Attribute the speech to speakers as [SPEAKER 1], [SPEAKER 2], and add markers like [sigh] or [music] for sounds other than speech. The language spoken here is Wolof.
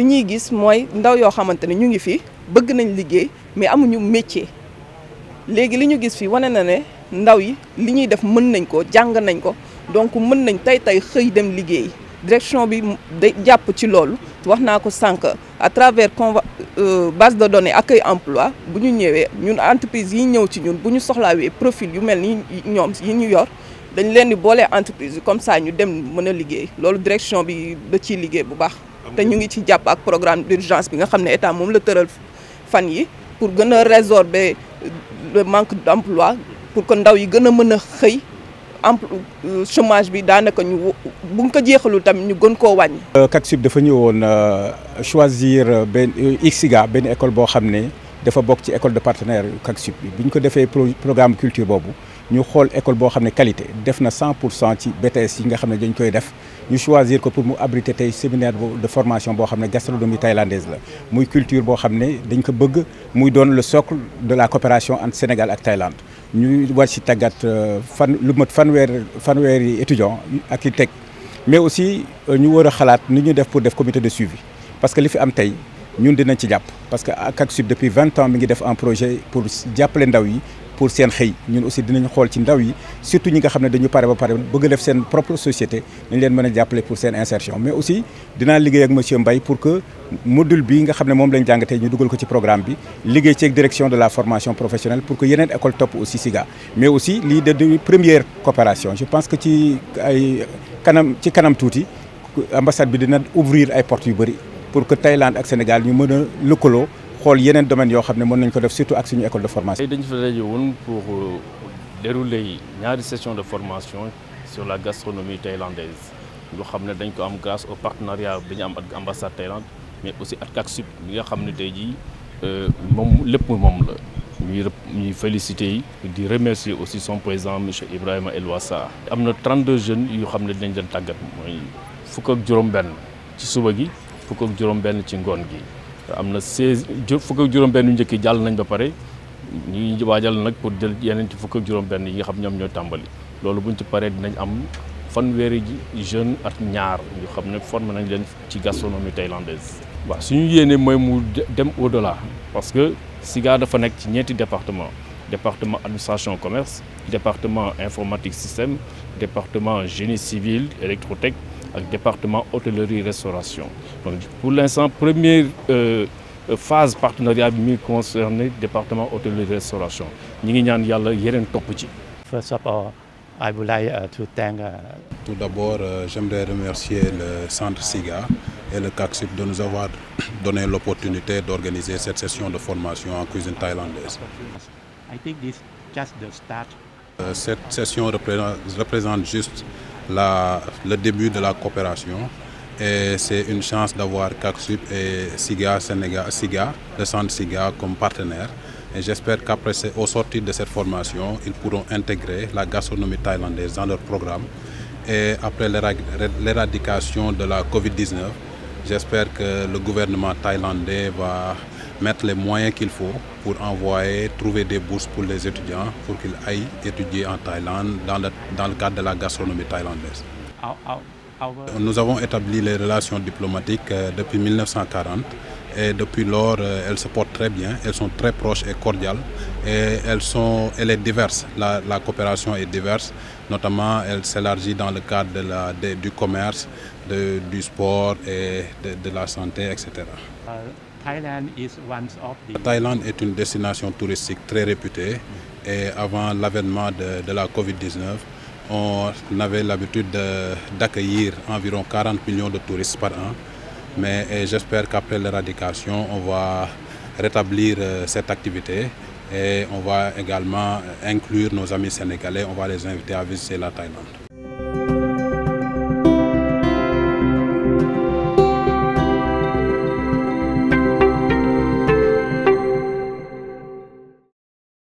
[SPEAKER 1] li ñuy gis mooy ndaw yoo xamante ne ñu ngi fi bëgg nañ liggéey mais amuñu métier léegi li ñu gis fi wane na ne ndaw yi li ñuy def mën nañ ko jàng nañ ko donc mën nañ tay tay xëy dem liggéey direction bi day jàpp ci loolu wax naa ko sànq à travers conva euh, base de données accueil emploi bu ñu ñëwee ñun entreprise yi ñëw ci ñun bu ñu soxlaawee profil yu mel ni ñoom yi ñu yor dañ leen di boolee entreprise comme ça ñu dem mën a liggéey loolu direction bi da ciy liggéey bu baax te ñu ngi ci jàpp ak programme d'urgence bi nga xam ne état moom la tëral fan yi pour gën résorber euh, le manque d'emploi pour que ndaw yi gën a mën euh, chômage bi daanaka ñu buñ ko jéxalul tam ñu gën ko koo wàññi.
[SPEAKER 2] Euh, CACSUB dafa ñëwone choisir ben IXIGA ben école bo xamné dafa bok ci école de partenaire CACSUB bi buñ ko défé programme culture bobu ñu xol école bo xamné qualité def na 100 ci BTS yi nga xamné dañ koy def. Nous choisir que pour abriter le séminaire de formation de la gastronomie thaïlandaise la une culture qui donne le socle de la coopération entre Sénégal et Thaïlande Nous avons ci que euh, fan étudiants des mais aussi nous euh, avons a xalaat pour comité de suivi parce que les fi am tey ñun dinañ ci parce que depuis 20 ans nous avons un projet pour nous. ndaw pour seen xey ñun aussi dinañ xool ci ndaw yi surtout ñi nga xam ne dañu pare ba pare bëgg def seen propre société nañ leen mën a jàppale pour seen insertion mais aussi dinaa liggéey ak monsieur Mbaye pour que module bi nga xam ne moom lañ jàng tey ñu dugal ko ci programme bi liggéey ci direction de la formation professionnelle pour que yeneen école topp aussi SIGA mais aussi lii de première coopération je pense que ci ay kanam ci kanam tuuti ambassade bi dina ouvrir ay portes yu bëri pour que Thaïlande ak Sénégal ñu mën a lëkkaloo xool yeneen domaines yoo xam ne mën ko def surtout ak suñu école de formation.
[SPEAKER 3] Nous avons fa daje pour euh, dérouler ñaari session de formation sur la gastronomie thaïlandaise Nous avons fait dañ ko am grâce au partenariat de l'ambassade am ak ambassade Thaïlande mais aussi ak ACSUP bi nga fait ne tey jii euh, moom lépp moom la. ñuy ñuy di remercier aussi son président monsieur Ibrahima Elwassa am na 32 jeunes yu xam ne dinañ leen tàggat mooy fukk ak juróom-benn ci suba gi fukk ak juróom-benn ci ngoon gi am na seize fukk ak juróom-benn yu njëkk jàll nañ ba pare ñu ngi waajal nag pour jël yeneen ci fukk ak juróom-benn yi nga xam ñoom ñoo tàmbali loolu buñ ci paree dinañ am fanweeri ji jeune ak ñaar ñu xam ne formé nañ leen ci gastronomie thaïlandaise. waaw suñu yéenee mooy mu dem au delà parce que SIGA dafa nekk ci ñeenti département département administration commerce département informatique système département génie civil électrotech département hôtellerie restauration donc pour l'instant première euh, phase partenariat concernée concerné département hôtellerie restauration ñi ngi ñaan yalla
[SPEAKER 4] First I would like uh, to thank. Uh, Tout d'abord, euh, j'aimerais remercier le Centre SIGA et le CACSIP de nous avoir [coughs] donné l'opportunité d'organiser cette session de formation en cuisine thaïlandaise.
[SPEAKER 2] I think this just
[SPEAKER 1] the start.
[SPEAKER 4] Euh, cette session représente juste le début de la coopération. Et c'est une chance d'avoir CACSUP et SIGA, Sénégal, SIGA, le centre SIGA comme partenaire. Et j'espère qu'après, au sortir de cette formation, ils pourront intégrer la gastronomie thaïlandaise dans leur programme. Et après l'éradication de la COVID-19, j'espère que le gouvernement thaïlandais va mettre les moyens qu'il faut pour envoyer, trouver des bourses pour les étudiants, pour qu'ils aillent étudier en Thaïlande dans le, cadre de la gastronomie thaïlandaise. Nous avons établi les relations diplomatiques euh, depuis 1940 et depuis lors, euh, elles se portent très bien, elles sont très proches et cordiales et elles sont, elle est la, coopération est diverse, notamment elle s'élargit dans le cadre du commerce, du sport et de, la santé, etc.
[SPEAKER 3] La
[SPEAKER 4] Thaïlande est une destination touristique très réputée et avant l'avènement de, la Covid-19, on avait l'habitude d'accueillir environ 40 millions de touristes par an. Mais j'espère qu'après l'éradication, on va rétablir euh, cette activité et on va également inclure nos amis sénégalais, on va les inviter à visiter la Thaïlande.